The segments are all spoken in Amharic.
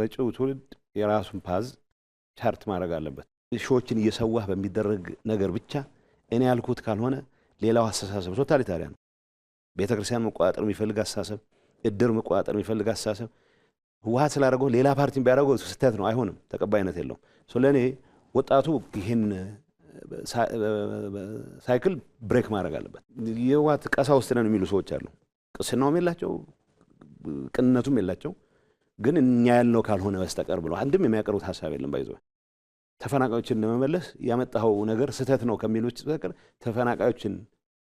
መጪው ትውልድ የራሱን ፓዝ ቻርት ማድረግ አለበት። ሺዎችን እየሰዋህ በሚደረግ ነገር ብቻ እኔ ያልኩት ካልሆነ ሌላው አስተሳሰብ ቶታሊታሪያን ነው። ቤተ ክርስቲያን መቆጣጠር የሚፈልግ አስተሳሰብ፣ እድር መቆጣጠር የሚፈልግ አስተሳሰብ ህወሀት ስላደረገው ሌላ ፓርቲን ቢያደረገው ስህተት ነው፣ አይሆንም፣ ተቀባይነት የለውም። ለእኔ ወጣቱ ይህን ሳይክል ብሬክ ማድረግ አለበት። የህወሀት ቀሳ ውስጥ ነን የሚሉ ሰዎች አሉ። ቅስናውም የላቸው ቅንነቱም የላቸው ግን እኛ ያልነው ካልሆነ በስተቀር ብሎ አንድም የሚያቀርቡት ሀሳብ የለም። ባይዞ ተፈናቃዮችን ለመመለስ ያመጣኸው ነገር ስህተት ነው ከሚሎች በስተቀር ተፈናቃዮችን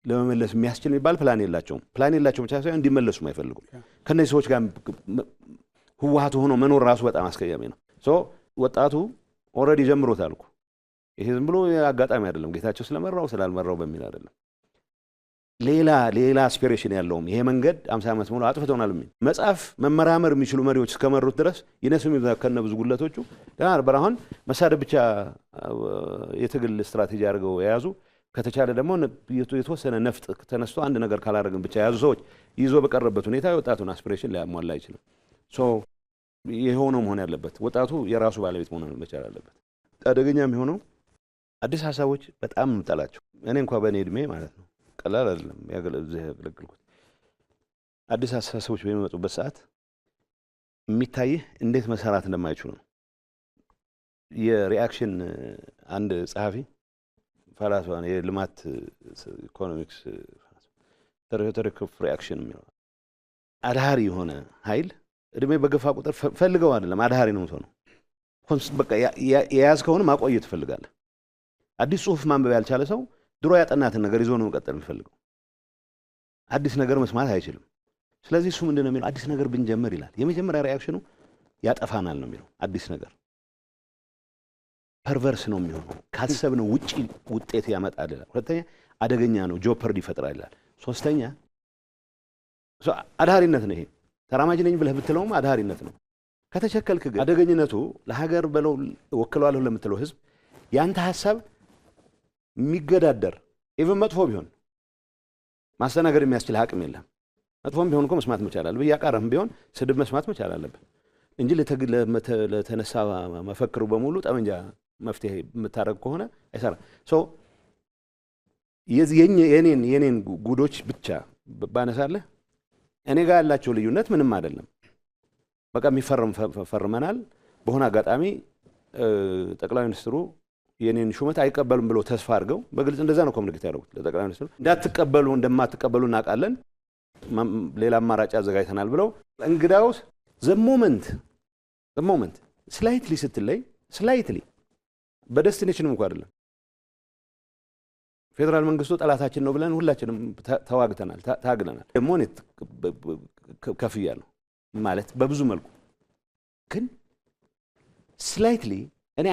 ለመመለስ የሚያስችል የሚባል ፕላን የላቸውም። ፕላን የላቸው ብቻ ሳይሆን እንዲመለሱም አይፈልጉም። ከእነዚህ ሰዎች ጋር ህወሀቱ ሆኖ መኖር ራሱ በጣም አስቀያሚ ነው። ወጣቱ ኦልሬዲ ጀምሮታል እኮ ይሄ ዝም ብሎ አጋጣሚ አይደለም። ጌታቸው ስለመራው ስላልመራው በሚል አይደለም። ሌላ ሌላ አስፒሬሽን ያለውም ይሄ መንገድ አምሳ ዓመት ሙሉ አጥፍቶናል የሚል መጽሐፍ መመራመር የሚችሉ መሪዎች እስከመሩት ድረስ ይነሱ ከነ ብዙ ጉለቶቹ ደህና ነበር። አሁን መሳደብ ብቻ የትግል ስትራቴጂ አድርገው የያዙ ከተቻለ ደግሞ የተወሰነ ነፍጥ ተነስቶ አንድ ነገር ካላደረግን ብቻ የያዙ ሰዎች ይዞ በቀረበት ሁኔታ የወጣቱን አስፒሬሽን ሊያሟላ አይችልም። የሆነው መሆን ያለበት ወጣቱ የራሱ ባለቤት መሆን መቻል አለበት። አደገኛ የሚሆነው አዲስ ሀሳቦች በጣም እንጠላቸው እኔ እንኳ በእኔ እድሜ ማለት ነው ቀላል አይደለም። ያገለዚህ ያገለግልኩት አዲስ አስተሳሰቦች በሚመጡበት ሰዓት የሚታይህ እንዴት መሰራት እንደማይችሉ ነው። የሪአክሽን አንድ ጸሐፊ ፈላስፋ የልማት ኢኮኖሚክስ ተሪክ ኦፍ ሪአክሽን የሚለው አድሃሪ የሆነ ኃይል እድሜ በገፋ ቁጥር ፈልገው አይደለም አድሃሪ ነው ሰው ነው። በቃ የያዝ ከሆነ ማቆየት ትፈልጋለህ። አዲስ ጽሁፍ ማንበብ ያልቻለ ሰው ድሮ ያጠናትን ነገር ይዞ ነው መቀጠል የሚፈልገው። አዲስ ነገር መስማት አይችልም። ስለዚህ እሱ ምንድን ነው የሚለው አዲስ ነገር ብንጀምር ይላል። የመጀመሪያ ሪያክሽኑ ያጠፋናል ነው የሚለው አዲስ ነገር ፐርቨርስ ነው የሚሆነው፣ ካሰብነው ውጪ ውጤት ያመጣል ይላል። ሁለተኛ አደገኛ ነው፣ ጆፐርድ ይፈጥራል ይላል። ሶስተኛ አድሃሪነት ነው። ይሄ ተራማጅ ነኝ ብለህ ብትለውም አድሃሪነት ነው። ከተቸከልክ ግን አደገኝነቱ ለሀገር በለው ወክለዋለሁ ለምትለው ህዝብ ያንተ ሀሳብ የሚገዳደር ኢቨን መጥፎ ቢሆን ማስተናገድ የሚያስችል አቅም የለም። መጥፎም ቢሆን እኮ መስማት መቻል አለብህ። እያቃረህም ቢሆን ስድብ መስማት መቻል አለብን እንጂ ለተነሳ መፈክሩ በሙሉ ጠመንጃ መፍትሄ የምታደረግ ከሆነ አይሰራም። የኔን የኔን ጉዶች ብቻ ባነሳለህ እኔ ጋር ያላቸው ልዩነት ምንም አይደለም። በቃ የሚፈርም ፈርመናል። በሆነ አጋጣሚ ጠቅላይ ሚኒስትሩ የኔን ሹመት አይቀበሉም ብለው ተስፋ አድርገው በግልጽ እንደዛ ነው ኮሚኒኬት ያደረጉት ለጠቅላይ ሚኒስትሩ። እንዳትቀበሉ እንደማትቀበሉ እናውቃለን፣ ሌላ አማራጭ አዘጋጅተናል ብለው እንግዳውስ ዘሞመንት ዘሞመንት ስላይትሊ ስትለይ ስላይትሊ በደስቲኔሽንም እንኳ አይደለም ፌዴራል መንግስቱ ጠላታችን ነው ብለን ሁላችንም ተዋግተናል፣ ታግለናል። ደግሞ እኔ ከፍያለሁ ማለት በብዙ መልኩ ግን ስላይትሊ እኔ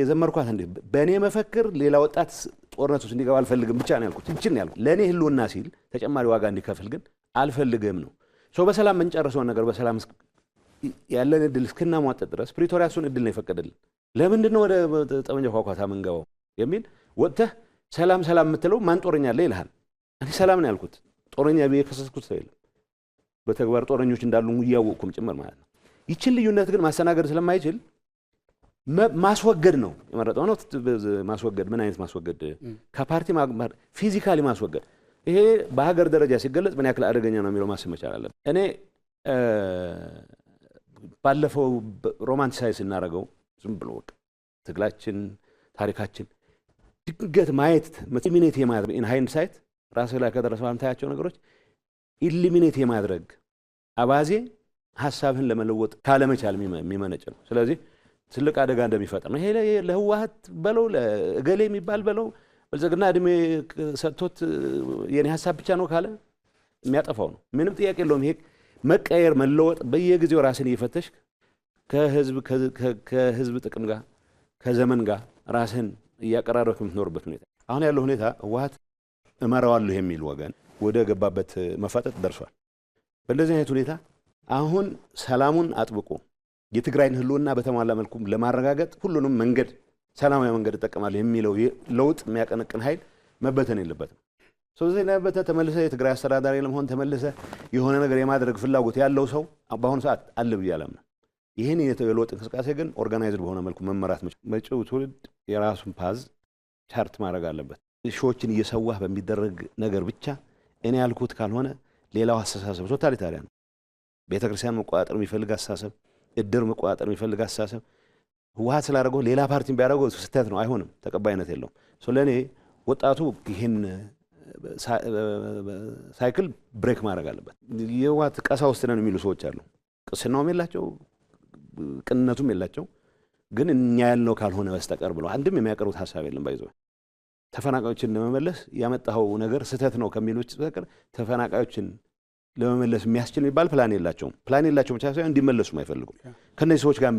የዘመርኳት እንደ በእኔ መፈክር ሌላ ወጣት ጦርነት ውስጥ እንዲገባ አልፈልግም ብቻ ነው ያልኩት። እንችን ያልኩት ለእኔ ህልውና ሲል ተጨማሪ ዋጋ እንዲከፍል ግን አልፈልግም ነው። ሰው በሰላም የምንጨርሰውን ነገር በሰላም ያለን እድል እስክናሟጠጥ ድረስ ፕሪቶሪያ እሱን እድል ነው የፈቀደልን። ለምንድን ነው ወደ ጠመንጃ ኳኳታ የምንገባው የሚል ወጥተህ ሰላም ሰላም የምትለው ማን ጦረኛ አለ ይልሃል። እኔ ሰላም ነው ያልኩት። ጦረኛ ብዬ የከሰስኩት ሰው የለም። በተግባር ጦረኞች እንዳሉ እያወቅኩም ጭምር ማለት ነው። ይችን ልዩነት ግን ማስተናገድ ስለማይችል ማስወገድ ነው የመረጠው ነው ማስወገድ ምን አይነት ማስወገድ ከፓርቲ ፊዚካሊ ማስወገድ ይሄ በሀገር ደረጃ ሲገለጽ ምን ያክል አደገኛ ነው የሚለው ማሰብ መቻል አለብን እኔ ባለፈው ሮማንቲሳይዝ ስናደረገው ዝም ብሎ ትግላችን ታሪካችን ድንገት ማየት ኢሚኔት የማድረግ ኢንሃይንድ ሳይት ራስ ላይ ከደረሰ ባምታያቸው ነገሮች ኢሊሚኔት የማድረግ አባዜ ሀሳብህን ለመለወጥ ካለመቻል የሚመነጭ ነው ስለዚህ ትልቅ አደጋ እንደሚፈጥር ነው። ይሄ ለህወሀት በለው እገሌ የሚባል በለው ብልጽግና እድሜ ሰጥቶት የኔ ሀሳብ ብቻ ነው ካለ የሚያጠፋው ነው። ምንም ጥያቄ የለውም። ይሄ መቀየር መለወጥ፣ በየጊዜው ራስን እየፈተሽ ከህዝብ ጥቅም ጋር ከዘመን ጋር ራስን እያቀራረብክ የምትኖርበት ሁኔታ አሁን ያለው ሁኔታ ህወሀት እመራዋለሁ የሚል ወገን ወደ ገባበት መፋጠጥ ደርሷል። በእንደዚህ አይነት ሁኔታ አሁን ሰላሙን አጥብቆ የትግራይን ህልውና በተሟላ መልኩ ለማረጋገጥ ሁሉንም መንገድ ሰላማዊ መንገድ እጠቀማለሁ የሚለው ለውጥ የሚያቀነቅን ኃይል መበተን የለበትም። ስለዚህ ለበተ ተመልሰ የትግራይ አስተዳዳሪ ለመሆን ተመልሰ የሆነ ነገር የማድረግ ፍላጎት ያለው ሰው በአሁኑ ሰዓት አለ ብዬ አላምንም። ይህን የለውጥ እንቅስቃሴ ግን ኦርጋናይዝድ በሆነ መልኩ መመራት መጪው ትውልድ የራሱን ፓዝ ቻርት ማድረግ አለበት። ሺዎችን እየሰዋህ በሚደረግ ነገር ብቻ እኔ ያልኩት ካልሆነ ሌላው አስተሳሰብ ቶታሊታሪያ ነው። ቤተክርስቲያን መቆጣጠር የሚፈልግ አስተሳሰብ እድር መቆጣጠር የሚፈልግ አስተሳሰብ ህወሀት ስላደረገው ሌላ ፓርቲ ቢያደረገው ስህተት ነው፣ አይሆንም፣ ተቀባይነት የለውም። ለእኔ ወጣቱ ይህን ሳይክል ብሬክ ማድረግ አለበት። የህወሀት ቀሳ ውስጥ ነን የሚሉ ሰዎች አሉ። ቅስናውም የላቸው ቅንነቱም የላቸው፣ ግን እኛ ያልነው ካልሆነ በስተቀር ብለው አንድም የሚያቀርቡት ሀሳብ የለም። ባይዞ ተፈናቃዮችን ለመመለስ ያመጣኸው ነገር ስህተት ነው ከሚል በስተቀር ተፈናቃዮችን ለመመለስ የሚያስችል የሚባል ፕላን የላቸውም። ፕላን የላቸው ብቻ ሳይሆን እንዲመለሱም አይፈልጉም። ከእነዚህ ሰዎች ጋር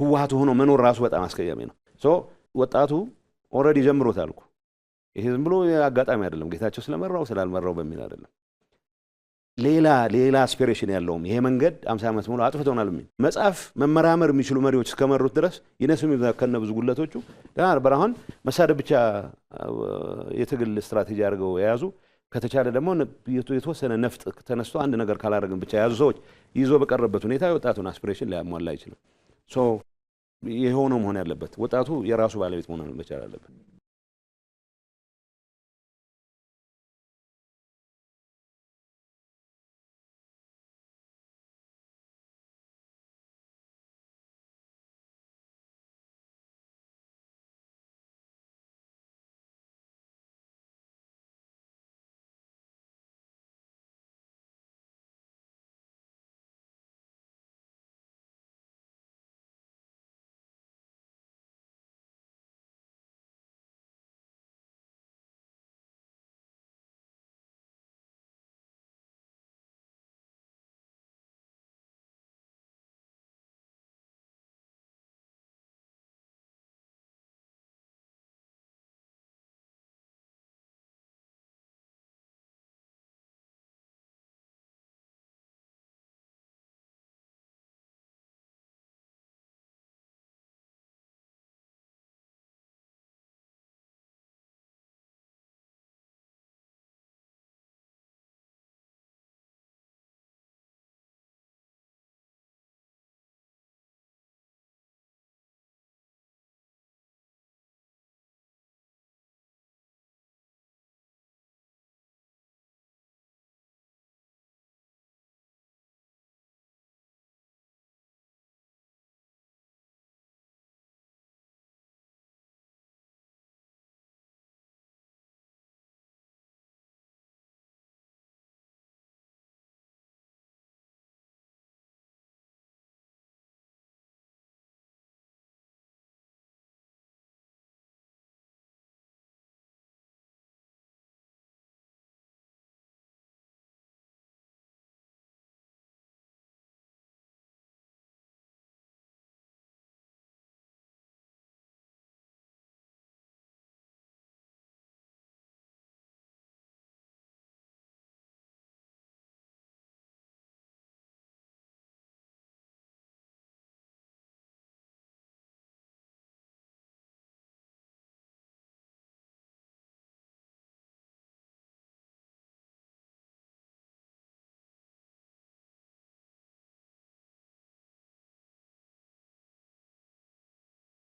ህወሀቱ ሆኖ መኖር ራሱ በጣም አስቀያሚ ነው። ወጣቱ ኦልሬዲ ጀምሮት አልኩ። ይሄ ዝም ብሎ አጋጣሚ አይደለም። ጌታቸው ስለመራው ስላልመራው በሚል አይደለም። ሌላ ሌላ አስፒሬሽን ያለውም ይሄ መንገድ አምሳ ዓመት ሙሉ አጥፍቶናል የሚል መጽሐፍ መመራመር የሚችሉ መሪዎች እስከመሩት ድረስ ይነሱ ከነ ብዙ ጉለቶቹ በራሁን መሳደብ ብቻ የትግል ስትራቴጂ አድርገው የያዙ ከተቻለ ደግሞ የተወሰነ ነፍጥ ተነስቶ አንድ ነገር ካላደረግን ብቻ የያዙ ሰዎች ይዞ በቀረበት ሁኔታ የወጣቱን አስፒሬሽን ሊያሟላ አይችልም። የሆነ መሆን ያለበት ወጣቱ የራሱ ባለቤት መሆን መቻል አለበት።